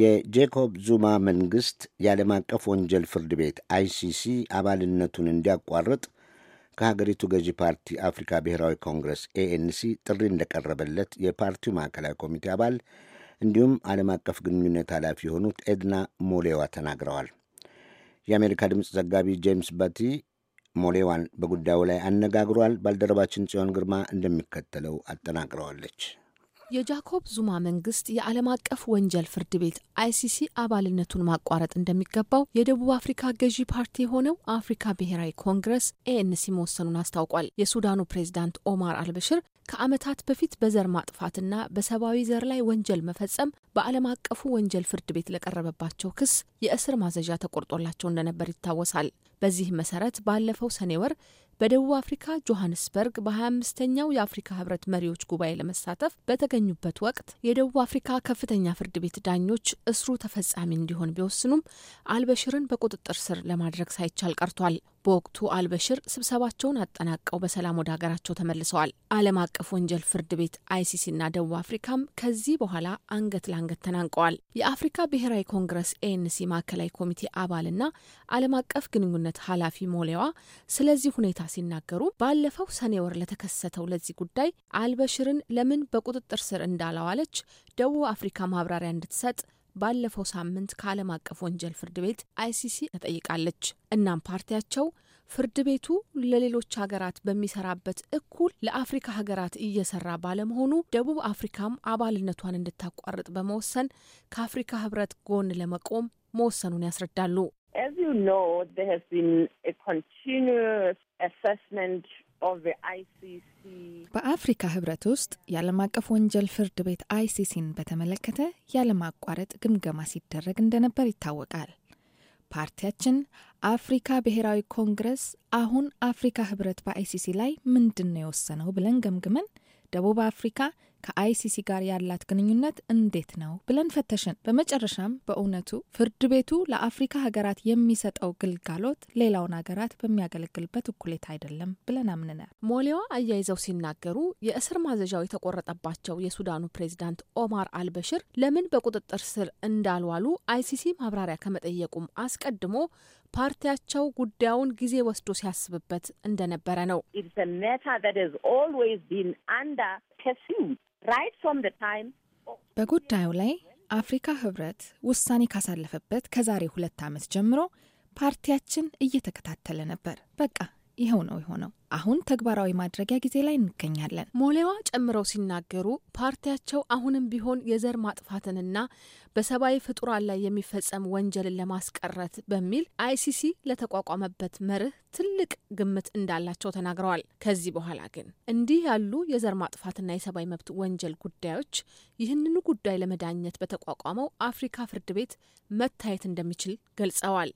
የጄኮብ ዙማ መንግሥት የዓለም አቀፍ ወንጀል ፍርድ ቤት አይሲሲ አባልነቱን እንዲያቋርጥ ከሀገሪቱ ገዢ ፓርቲ አፍሪካ ብሔራዊ ኮንግረስ ኤኤንሲ ጥሪ እንደቀረበለት የፓርቲው ማዕከላዊ ኮሚቴ አባል እንዲሁም ዓለም አቀፍ ግንኙነት ኃላፊ የሆኑት ኤድና ሞሌዋ ተናግረዋል። የአሜሪካ ድምፅ ዘጋቢ ጄምስ በቲ ሞሌዋን በጉዳዩ ላይ አነጋግሯል። ባልደረባችን ጽዮን ግርማ እንደሚከተለው አጠናቅረዋለች። የጃኮብ ዙማ መንግስት የዓለም አቀፍ ወንጀል ፍርድ ቤት አይሲሲ አባልነቱን ማቋረጥ እንደሚገባው የደቡብ አፍሪካ ገዢ ፓርቲ የሆነው አፍሪካ ብሔራዊ ኮንግረስ ኤኤንሲ መወሰኑን አስታውቋል። የሱዳኑ ፕሬዝዳንት ኦማር አልበሽር ከዓመታት በፊት በዘር ማጥፋትና በሰብአዊ ዘር ላይ ወንጀል መፈጸም በዓለም አቀፉ ወንጀል ፍርድ ቤት ለቀረበባቸው ክስ የእስር ማዘዣ ተቆርጦላቸው እንደነበር ይታወሳል። በዚህ መሰረት ባለፈው ሰኔ ወር በደቡብ አፍሪካ ጆሀንስበርግ በ25ኛው የአፍሪካ ህብረት መሪዎች ጉባኤ ለመሳተፍ በተገኙበት ወቅት የደቡብ አፍሪካ ከፍተኛ ፍርድ ቤት ዳኞች እስሩ ተፈጻሚ እንዲሆን ቢወስኑም አልበሽርን በቁጥጥር ስር ለማድረግ ሳይቻል ቀርቷል። በወቅቱ አልበሽር ስብሰባቸውን አጠናቀው በሰላም ወደ ሀገራቸው ተመልሰዋል። ዓለም አቀፍ ወንጀል ፍርድ ቤት አይሲሲና ደቡብ አፍሪካም ከዚህ በኋላ አንገት ለአንገት ተናንቀዋል። የአፍሪካ ብሔራዊ ኮንግረስ ኤንሲ ማዕከላዊ ኮሚቴ አባልና ዓለም አቀፍ ግንኙነት ኃላፊ ሞሌዋ ስለዚህ ሁኔታ ሲናገሩ ባለፈው ሰኔ ወር ለተከሰተው ለዚህ ጉዳይ አልበሽርን ለምን በቁጥጥር ስር እንዳላዋለች ደቡብ አፍሪካ ማብራሪያ እንድትሰጥ ባለፈው ሳምንት ከዓለም አቀፍ ወንጀል ፍርድ ቤት አይሲሲ ተጠይቃለች። እናም ፓርቲያቸው ፍርድ ቤቱ ለሌሎች ሀገራት በሚሰራበት እኩል ለአፍሪካ ሀገራት እየሰራ ባለመሆኑ ደቡብ አፍሪካም አባልነቷን እንድታቋርጥ በመወሰን ከአፍሪካ ሕብረት ጎን ለመቆም መወሰኑን ያስረዳሉ። As you know, there has been a continuous assessment በአፍሪካ ህብረት ውስጥ የዓለም አቀፍ ወንጀል ፍርድ ቤት አይሲሲን በተመለከተ ያለማቋረጥ ግምገማ ሲደረግ እንደነበር ይታወቃል። ፓርቲያችን አፍሪካ ብሔራዊ ኮንግረስ አሁን አፍሪካ ህብረት በአይሲሲ ላይ ምንድን ነው የወሰነው ብለን ገምግመን ደቡብ አፍሪካ ከአይሲሲ ጋር ያላት ግንኙነት እንዴት ነው ብለን ፈተሽን። በመጨረሻም በእውነቱ ፍርድ ቤቱ ለአፍሪካ ሀገራት የሚሰጠው ግልጋሎት ሌላውን ሀገራት በሚያገለግልበት እኩሌት አይደለም ብለን አምንናል። ሞሊዋ አያይዘው ሲናገሩ የእስር ማዘዣው የተቆረጠባቸው የሱዳኑ ፕሬዚዳንት ኦማር አልበሽር ለምን በቁጥጥር ስር እንዳልዋሉ አይሲሲ ማብራሪያ ከመጠየቁም አስቀድሞ ፓርቲያቸው ጉዳዩን ጊዜ ወስዶ ሲያስብበት እንደነበረ ነው። በጉዳዩ ላይ አፍሪካ ህብረት ውሳኔ ካሳለፈበት ከዛሬ ሁለት ዓመት ጀምሮ ፓርቲያችን እየተከታተለ ነበር። በቃ ይኸው ነው የሆነው። አሁን ተግባራዊ ማድረጊያ ጊዜ ላይ እንገኛለን። ሞሌዋ ጨምረው ሲናገሩ ፓርቲያቸው አሁንም ቢሆን የዘር ማጥፋትንና በሰብአዊ ፍጡራን ላይ የሚፈጸም ወንጀልን ለማስቀረት በሚል አይሲሲ ለተቋቋመበት መርህ ትልቅ ግምት እንዳላቸው ተናግረዋል። ከዚህ በኋላ ግን እንዲህ ያሉ የዘር ማጥፋትና የሰብአዊ መብት ወንጀል ጉዳዮች ይህንኑ ጉዳይ ለመዳኘት በተቋቋመው አፍሪካ ፍርድ ቤት መታየት እንደሚችል ገልጸዋል።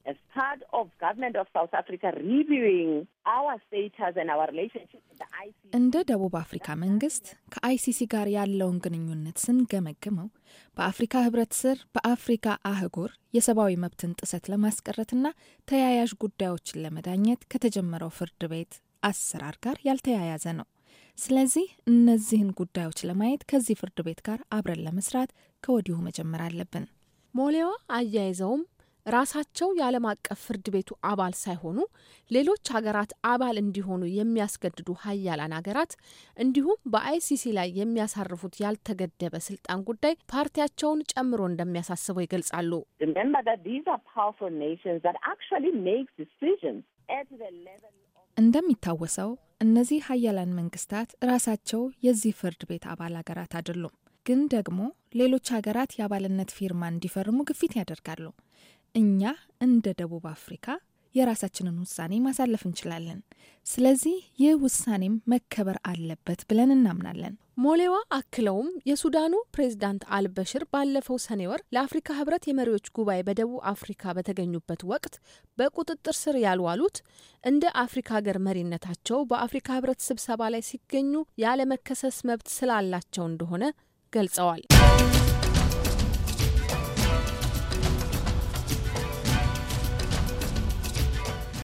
እንደ ደቡብ አፍሪካ መንግስት ከአይሲሲ ጋር ያለውን ግንኙነት ስንገመግመው በአፍሪካ ህብረት ስር በአፍሪካ አህጉር የሰብአዊ መብትን ጥሰት ለማስቀረትና ተያያዥ ጉዳዮችን ለመዳኘት ከተጀመረው ፍርድ ቤት አሰራር ጋር ያልተያያዘ ነው። ስለዚህ እነዚህን ጉዳዮች ለማየት ከዚህ ፍርድ ቤት ጋር አብረን ለመስራት ከወዲሁ መጀመር አለብን። ሞሌዋ አያይዘውም ራሳቸው የዓለም አቀፍ ፍርድ ቤቱ አባል ሳይሆኑ ሌሎች ሀገራት አባል እንዲሆኑ የሚያስገድዱ ሀያላን ሀገራት እንዲሁም በአይሲሲ ላይ የሚያሳርፉት ያልተገደበ ስልጣን ጉዳይ ፓርቲያቸውን ጨምሮ እንደሚያሳስበው ይገልጻሉ። እንደሚታወሰው እነዚህ ሀያላን መንግስታት ራሳቸው የዚህ ፍርድ ቤት አባል ሀገራት አይደሉም፣ ግን ደግሞ ሌሎች ሀገራት የአባልነት ፊርማ እንዲፈርሙ ግፊት ያደርጋሉ። እኛ እንደ ደቡብ አፍሪካ የራሳችንን ውሳኔ ማሳለፍ እንችላለን። ስለዚህ ይህ ውሳኔም መከበር አለበት ብለን እናምናለን። ሞሌዋ አክለውም የሱዳኑ ፕሬዝዳንት አልበሽር ባለፈው ሰኔ ወር ለአፍሪካ ህብረት የመሪዎች ጉባኤ በደቡብ አፍሪካ በተገኙበት ወቅት በቁጥጥር ስር ያልዋሉት እንደ አፍሪካ ሀገር መሪነታቸው በአፍሪካ ህብረት ስብሰባ ላይ ሲገኙ ያለመከሰስ መብት ስላላቸው እንደሆነ ገልጸዋል።